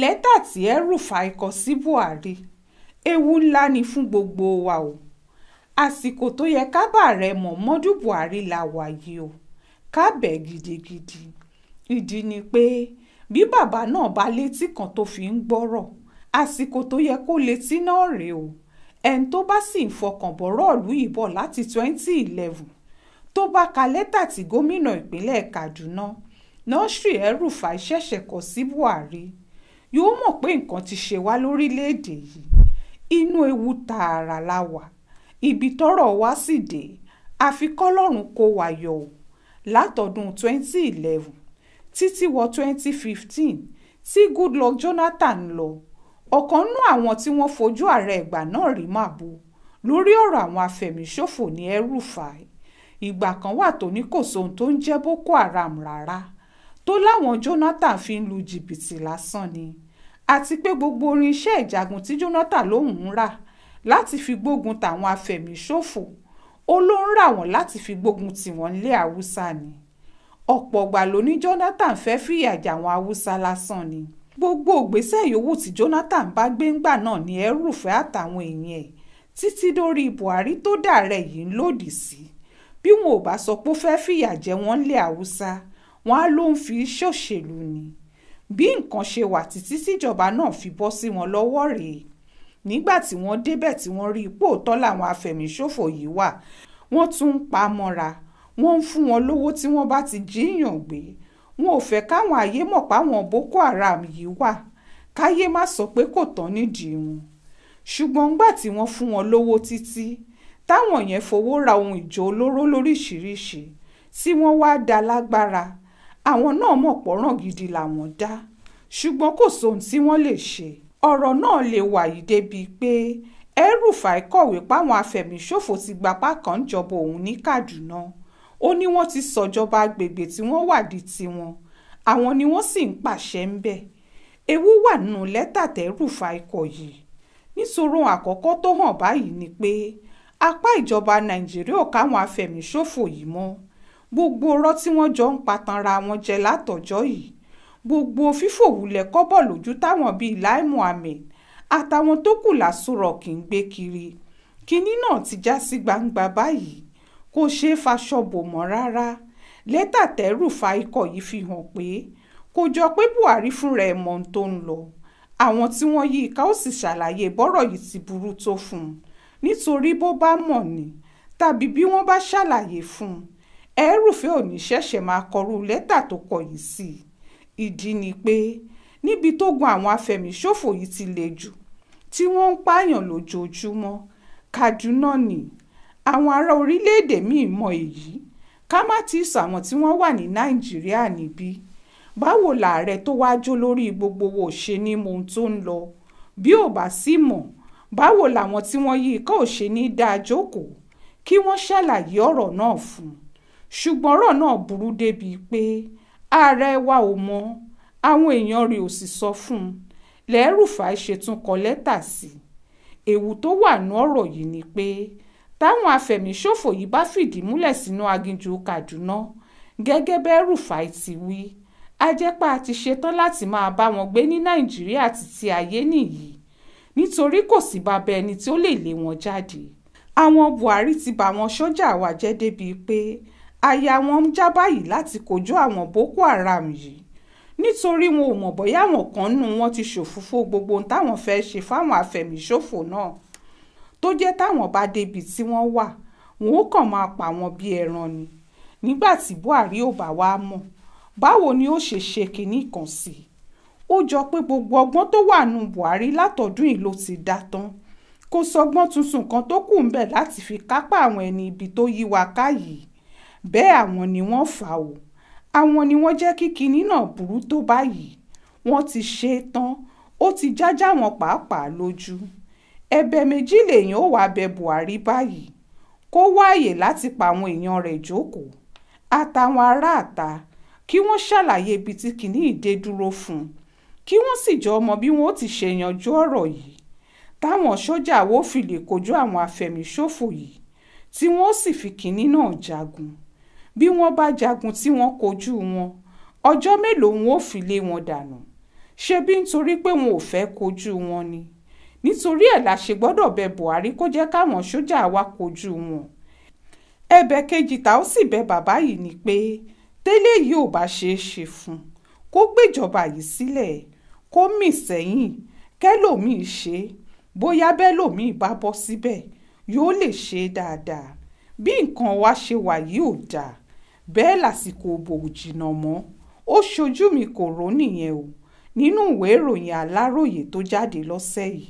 lẹ́tà tí el-rufai kọ sí buhari ewu ńlá ni fún gbogbo wa o àsìkò tó yẹ ká bàárẹ̀ muhammadu buhari la wà yìí o ká bẹ̀ gidigidi ìdí ni pé bí bàbá náà bá létí kan tó fi ń gbọ́rọ̀ àsìkò tó yẹ kó létí náà rèé o ẹni tó bá sì ń fọkàn bọ̀rọ̀ ìlú yìí bọ̀ láti 2011 tó bá ka lẹ́tà tí gómìnà ìpínlẹ̀ kaduna nasiru el ṣẹ̀ṣẹ̀ kọ sí buhari yóò mọ̀ pé nǹkan ti ṣe wá lórílẹ̀‐èdè yìí inú ewu tààrà la wà ibi tọ́rọ̀ wá sì dé àfi kọ́lọ́run kó wa yọ o látọdún 2011 títí wọ 2015 tí Goodluck Jonathan lọ ọ̀kan nú àwọn tí wọ́n fojú ààrẹ ìgbà náà rí màbo lórí ọ̀rọ̀ àwọn afẹ̀míṣòfò ní El-Rufai ìgbà kan wà tó ní kò sóhun tó ń jẹ́ Boko Haram rárá tó láwọn Jonathan fi ń lu jìbìtì lásán ni àti pé gbogbo orin iṣẹ́ ìjagun tí Jonathan lòun ń rà láti fi gbógun tàwọn afẹ̀míṣòfò ó ló ń rà wọ́n láti fi gbógun tiwọn nílé haúsá ni ọ̀pọ̀ ọgbà ló ní Jonathan fẹ́ fìyà jà àwọn haúsá lásán ni gbogbo ògbésẹ̀ yòówù tí Jonathan bá gbé ńgbà náà ni ẹrùfẹ́ àtàwọn èèyàn ẹ̀ títí dórí Buhari tó dàrẹ yìí ń lòdì sí bí wọn ò bá sọ pé ó fẹ́ fìyà jẹ wọ́n nílé haúsá wọn á ló ń fi ṣòṣèlú ni bí nǹkan ṣe wà títí tíjọba náà fi bọ́ sí wọn lọ́wọ́ rèé nígbà tí wọ́n débẹ̀ tí wọ́n rí ipò tọ́ làwọn afẹ̀míṣòfò yìí wà wọ́n tún ń pa mọ́ra wọ́n ń fún wọn lówó tí wọ́n bá ti jíyàn gbé wọn ò fẹ́ káwọn ayé mọ̀ páwọn Boko Haram yìí wà káyé má sọ pé kò tán nídìí wọn ṣùgbọ́n ńgbà tí wọ́n fún wọn lówó títí táwọn yẹn fowó ra ohun ìjọ olóró lóríṣìíríṣìí tí wọ́n wá dá lágbára àwọn náà mọ̀ pọ̀ràn gidi làwọn dá ṣùgbọ́n kò sóhun tí wọ́n lè ṣe ọ̀rọ̀ náà lè wà yìí débi pé El-Rufai kọ̀wé páwọn afẹ̀míṣòfò ti gbapá kan jọba òun ní Kaduna ó ní wọ́n ti sọ̀jọba agbègbè tí wọ́n wà di tiwọn àwọn ni wọ́n sì ń pàṣẹ ń bẹ̀ ewu wà nínú lẹ́tà tẹ́-El-Rufai kọ yìí nítorí àkọ́kọ́ tó hàn báyìí ni pé apá ìjọba Nàìjíríà káwọn afẹ̀míṣòfò yìí mọ́ gbogbo ọ̀rọ̀ tí wọ́n jọ ń patanra wọn jẹ látọjọ́ yìí gbogbo fífòwúlẹ̀ kọ́bọ̀ lójú táwọn bíi Lai Muhammed àtàwọn tó kù lásùrọ̀ kì í gbé kiri kinní náà ti já sí gbangba báyìí kò ṣeé faṣọ bò mọ́ rárá lẹ́tà tẹ́rù fa ikọ̀ yìí fi hàn pé kò jọ pé Buhari fúnra ẹ̀ mọ̀ tó ń lọ àwọn tí wọ́n yí ká ó sì ṣàlàyé bọ́rọ̀ yìí ti burú tó fún un nítorí bó bá mọ̀ ni tàbí bí wọ́n bá ṣàlàyé fún un El-Rufai ò ní ṣẹ̀ṣẹ̀ máa kọrú lẹ́tà tó kọ yìí sí i ìdí ni pé níbi tó gun àwọn afẹ̀míṣòfò yìí ti le jù tí wọ́n ń pààyàn lójoojúmọ́ Kaduna ni àwọn ará orílẹ̀-èdè míì mọ èyí ká má ti sọ àwọn tí wọ́n wà ní Nàìjíríà níbí báwo làárẹ̀ tó wáá jó lórí gbogbo wo ṣe ní mọ tó ń lọ bí ò bá sí mọ̀ báwo làwọn tí wọ́n yí ká ò ṣe ní dáa jókòó kí wọ́n ṣàlàyé ọ̀rọ̀ náà fún un ṣùgbọ́n ọ̀rọ̀ náà burú débi pé ààrẹ wa ò mọ àwọn èèyàn rẹ̀ ò sì sọ fún un lẹ́rùfà ṣetún kọ lẹ́tà sí i èwu tó wà nú ọ̀rọ̀ yìí ni pé táwọn afẹ̀míṣòfò yìí bá fìdí múlẹ̀ sínú aginjù Kaduna gẹ́gẹ́ bẹ́ẹ̀ rúfà ti wí ajẹ́pá ti ṣetán láti máa bá wọn gbé ní Nàìjíríà títí ayé nìyí nítorí kò sí bàbá ẹni tí ó lè lé wọn jáde àwọn Buhari ti bà wọn sọ́jà wa jẹ́ débi pé aya wọn ń já báyìí láti kojú àwọn boko haram yìí nítorí wọn ò mọ̀ bóyá àwọn kan nù wọn ti ṣòfófó gbogbo ohun táwọn fẹ́ ṣe fáwọn afẹ̀míṣòfò náà tó jẹ́ táwọn bá débi tí wọ́n wà wọn ó kàn máa pa wọn bí ẹran ni nígbà tí buhari ò bá wá mọ̀ báwo ni ó ṣe ṣe kinní kan sí i ó jọ pé gbogbo ọgbọ́n tó wà nù buhari látọ̀dún yìí ló ti dá tán kò sọgbọ́n tuntun kan tó kù ń bẹ̀ láti fi kápá àwọn ẹni ibi tó yí wa ká yìí bẹ́ẹ̀ àwọn ni wọ́n fà á o àwọn ni wọ́n jẹ́ kí kinní náà burú tó báyìí wọ́n ti ṣe é tán ó ti jájá wọn pàápàá lójú ẹ̀bẹ̀ méjì lèèyàn ó wàá bẹ Buhari báyìí kó wáàyè láti pa àwọn èèyàn rẹ̀ jókòó àtàwọn aráàta kí wọ́n ṣàlàyé ibi tí kinní ìdè dúró fún un kí wọ́n sì jọ mọ bí wọ́n ó ti ṣèyànjú ọ̀rọ̀ yìí táwọn sójà wo fi lè kojú àwọn afẹ̀míṣòfò yìí tí wọ́n ó sì fi kinní náà jagun bí wọ́n bá jagun tí wọ́n kojú wọn ọjọ́ mélòó wọn ò fi lé wọn dànù ṣebí nítorí pé wọn ò fẹ́ kojú wọn ni nítorí ẹ̀ la ṣe gbọ́dọ̀ bẹ Buhari kó jẹ́ káwọn sójà wa kojú wọn ẹ̀bẹ̀ kejì tá ó sì bẹ bàbá yìí ni pé tẹ́lẹ̀ yìí ò bá ṣeé ṣe fún kó gbéjọba yìí sílẹ̀ kó mì sẹ́yìn kẹ́lòmíì ṣe bóyá bẹ́lòmíì bá bọ́ síbẹ̀ yóò lè ṣe dáadáa bí nǹkan wa ṣe wà yìí ò dáa bẹ́ẹ̀ lásìkò òbò ò jìnnà mọ́ ó ṣojú mi kò rò nìyẹn o nínú ìwé ìròyìn aláròye tó jáde lọ́sẹ̀ yìí